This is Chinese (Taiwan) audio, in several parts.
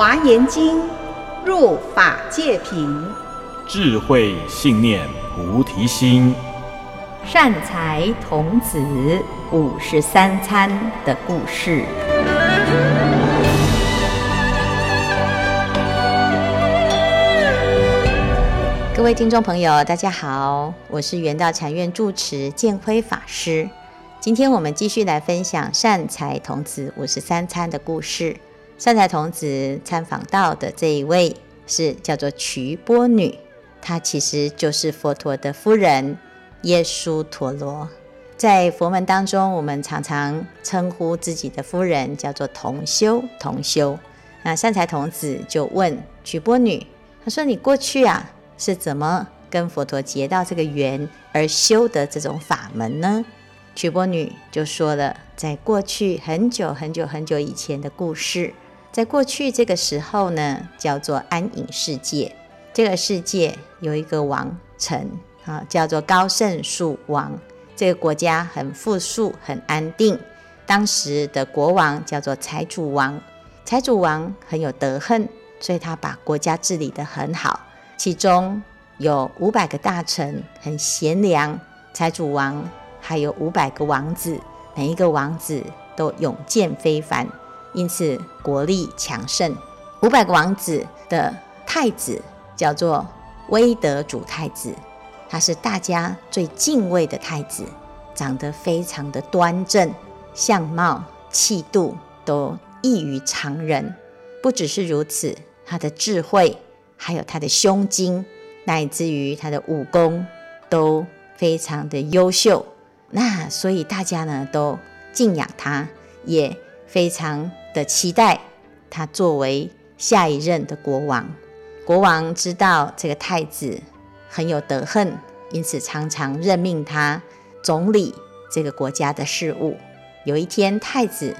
華嚴經入法界品，智慧信念菩提心，善財童子五十三參的故事。各位聽眾朋友，大家好，我是圓道禪院住持見輝法師。今天我們繼續來分享善財童子五十三參的故事。善財童子參訪到的這一位是叫做瞿波女，她其實就是佛陀的夫人耶輸陀羅。在佛門當中，我們常常稱呼自己的夫人叫做同修同修。那善財童子就問瞿波女：“她說你過去啊是怎麼跟佛陀結到這個緣而修得這種法門呢？”瞿波女就說了在過去很久很久很久以前的故事。在過去這個時候呢，叫做安隱世界。這個世界有一個王城，啊，叫做高聖樹王。這個國家很富庶，很安定。當時的國王叫做財主王，財主王很有德行，所以他把國家治理得很好。其中有五百個大臣很賢良，財主王還有五百個王子，每一個王子都勇健非凡。因此，國力強盛。五百個王子的太子叫做威德主太子，他是大家最敬畏的太子，長得非常的端正，相貌、氣度都異於常人。不只是如此，他的智慧，還有他的胸襟，乃至於他的武功，都非常的優秀。那所以大家呢，都敬仰他，也，非常的期待他作為下一任的國王。國王知道這個太子很有德行，因此常常任命他總理這個國家的事務。有一天，太子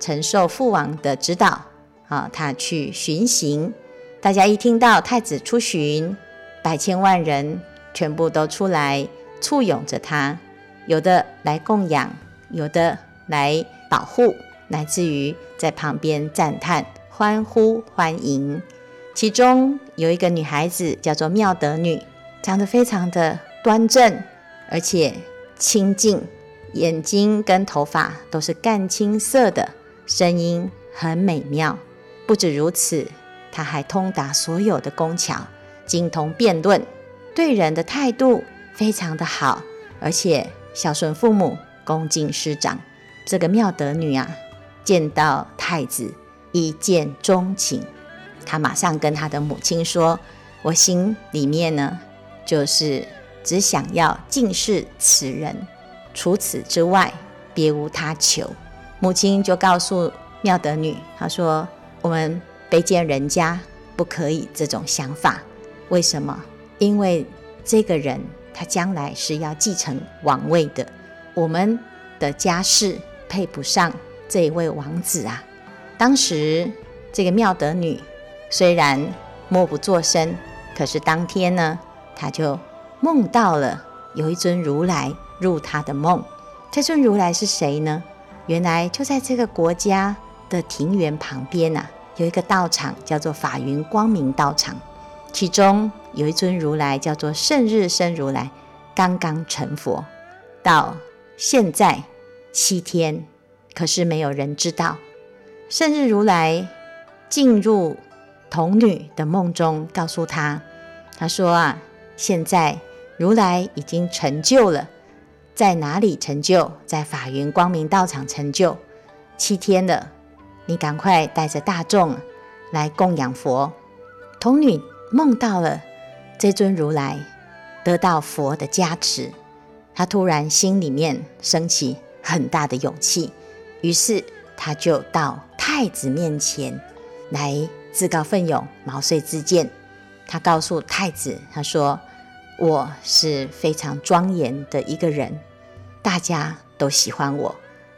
承受父王的指導，啊，他去巡行。大家一聽到太子出巡，百千萬人全部都出來簇擁着他，有的來供養，有的來保護，來自於在旁邊讚嘆、歡呼、歡迎。其中有一個女孩子叫做妙德女，長得非常的端正，而且清靜，眼睛跟頭髮都是紺青色的，聲音很美妙。不止如此，她還通達所有的工巧，精通辯論，對人的態度非常的好，而且孝順父母，恭敬師長。這個妙德女啊。見到太子一見鍾情，他馬上跟他的母親說：“我心裡面呢，就是只想要敬侍此人，除此之外別無他求。”母親就告訴妙德女，她說：“我們卑賤人家不可以這種想法，為什麼？因為這個人他將來是要繼承王位的，我們的家世配不上。”這一位王子啊，當時這個妙德女雖然默不作聲，可是當天呢，她就夢到了有一尊如來入她的夢。這尊如來是誰呢？原來就在這個國家的庭園旁邊吶、啊，有一個道場叫做法雲光明道場，其中有一尊如來叫做勝日生如來，剛剛成佛，到現在七天。可是沒有人知道，勝日如來進入童女的夢中，告訴她：“她說啊，現在如來已經成就了，在哪裡成就？在法雲光明道場成就七天了。你趕快帶着大眾來供養佛。”童女夢到了這尊如來，得到佛的加持，她突然心裡面升起很大的勇氣。於是他就到太子面前來自告奮勇、毛遂自薦。他告訴太子，他說：“我是非常莊嚴的一個人，大家都喜歡我。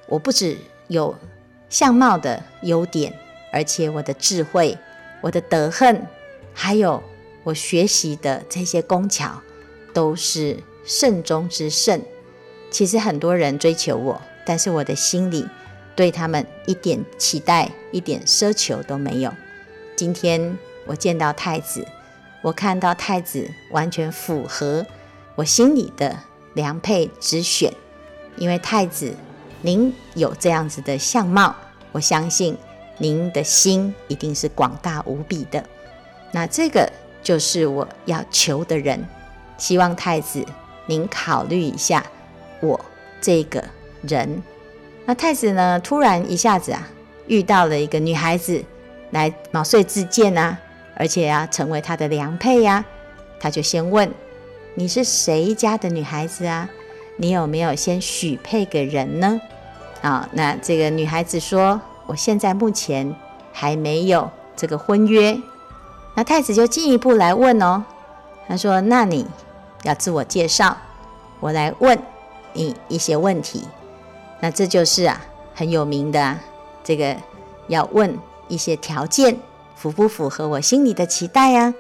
我不只有相貌的優點，而且我的智慧、我的德行，還有我學習的這些工巧，都是聖中之聖。其實很多人追求我，但是我的心裡……”對他們一點期待、一點奢求都沒有。今天我見到太子，我看到太子完全符合我心裡的良配之選。因為太子，您有這樣子的相貌，我相信您的心一定是廣大無比的。那這個就是我要求的人，希望太子您考慮一下我這個人。那太子呢？突然一下子啊，遇到了一個女孩子來毛遂自薦啊，而且啊成為他的良配呀、啊。他就先問：“你是誰家的女孩子啊？你有沒有先許配給人呢？”啊、哦，那這個女孩子說：“我現在目前還沒有這個婚約。”那太子就進一步來問哦：“他說，那你要自我介紹，我來問你一些問題。”那這就是啊，很有名的、啊、這個要問一些條件符不符合我心裡的期待啊？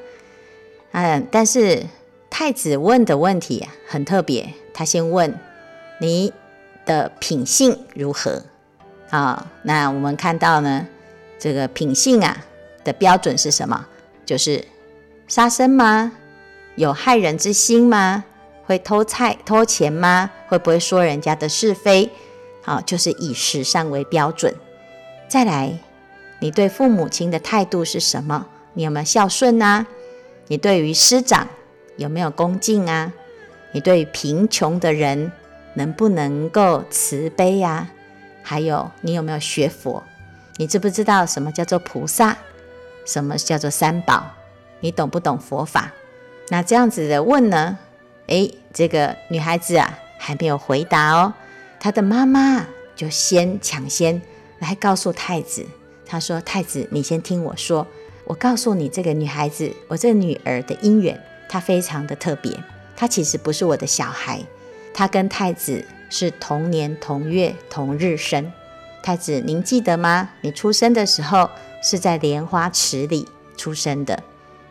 嗯，但是太子問的問題啊很特別，他先問你的品性如何啊、哦？那我們看到呢，這個品性啊的標準是什麼？就是殺生嗎？有害人之心嗎？會偷菜偷錢嗎？會不會說人家的是非？好，哦，就是以時尚為標準。再來，你對父母親的態度是什麼？你有沒有孝順啊？你對於師長有沒有恭敬啊？你對於貧窮的人能不能夠慈悲啊？還有，你有沒有學佛？你知不知道什麼叫做菩薩？什麼叫做三寶？你懂不懂佛法？那這樣子的問呢，哎，這個女孩子啊，還沒有回答哦。他的媽媽就先搶先來告訴太子，他說：“太子，你先聽我說，我告訴你這個女孩子，我這個女兒的姻緣，她非常的特別。她其實不是我的小孩，她跟太子是同年同月同日生。太子，您記得嗎？你出生的時候是在蓮花池裡出生的。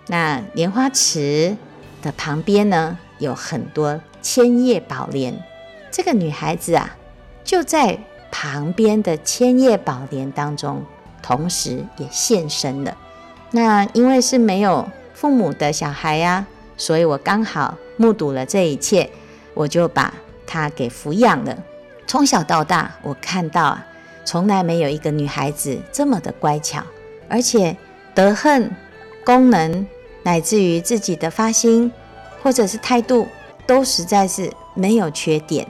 那蓮花池的旁邊呢，有很多千葉寶蓮。”這個女孩子啊，就在旁邊的千葉寶蓮當中，同時也現身了。那因為是沒有父母的小孩呀、啊，所以我剛好目睹了這一切，我就把她給撫養了。從小到大，我看到啊，從來沒有一個女孩子這麼的乖巧，而且德、恨、功能，乃至於自己的發心或者是態度，都實在是沒有缺點。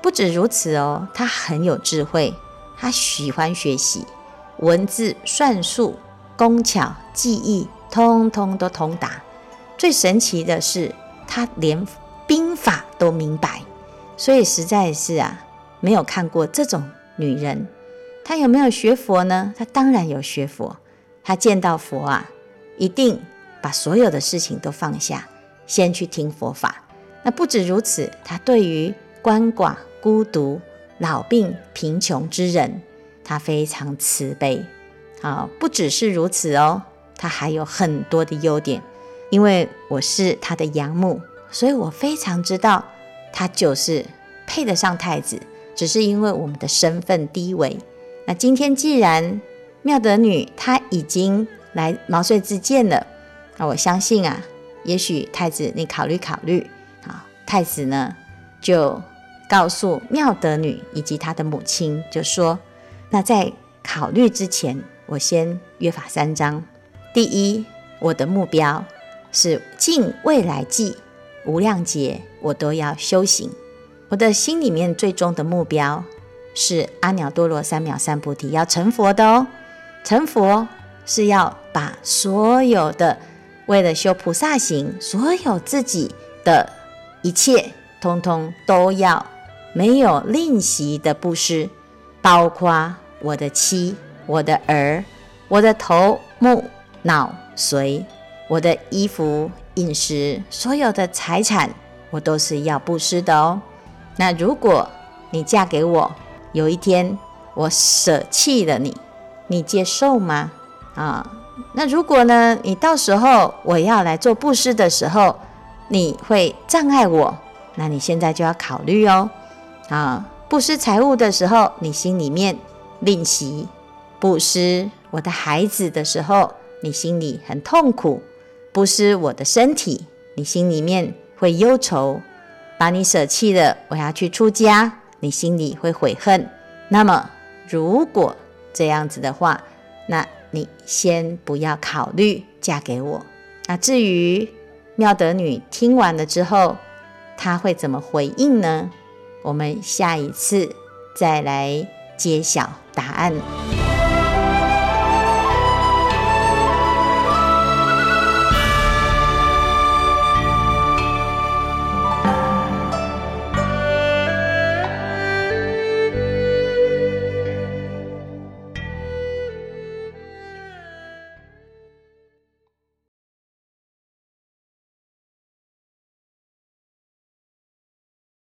不止如此哦，她很有智慧，她喜歡學習文字、算術、工巧、技藝，通通都通達。最神奇的是，她連兵法都明白。所以實在是啊，沒有看過這種女人。她有沒有學佛呢？她當然有學佛。她見到佛啊，一定把所有的事情都放下，先去聽佛法。那不止如此，她對於鰥寡孤獨、老病貧窮之人，他非常慈悲。好，不只是如此哦，他還有很多的優點。因為我是他的養母，所以我非常知道他就是配得上太子。只是因為我們的身份低微，那今天既然妙德女她已經來毛遂自薦了，那我相信啊，也許太子你考慮考慮。好，太子呢就。告訴妙德女以及她的母親，就說：“那在考慮之前，我先約法三章。第一，我的目標是盡未來際無量劫，我都要修行。我的心裡面最終的目標是阿耨多羅三藐三菩提，要成佛的哦。成佛是要把所有的，為了修菩薩行，所有自己的一切，通通都要。”沒有吝惜的布施，包括我的妻、我的兒、我的頭目腦髓、我的衣服、飲食，所有的財產，我都是要布施的哦。那如果你嫁給我，有一天我捨棄了你，你接受嗎？啊，那如果呢？你到時候我要來做布施的時候，你會障礙我，那你現在就要考慮哦。啊！布施財物的時候，你心裡面吝惜；布施我的孩子的時候，你心裡很痛苦；布施我的身體，你心裡面會憂愁；把你捨棄了，我要去出家，你心裡會悔恨。那麼，如果這樣子的話，那你先不要考慮嫁給我。那至於妙德女聽完了之後，她會怎麼回應呢？我們下一次再來揭曉答案。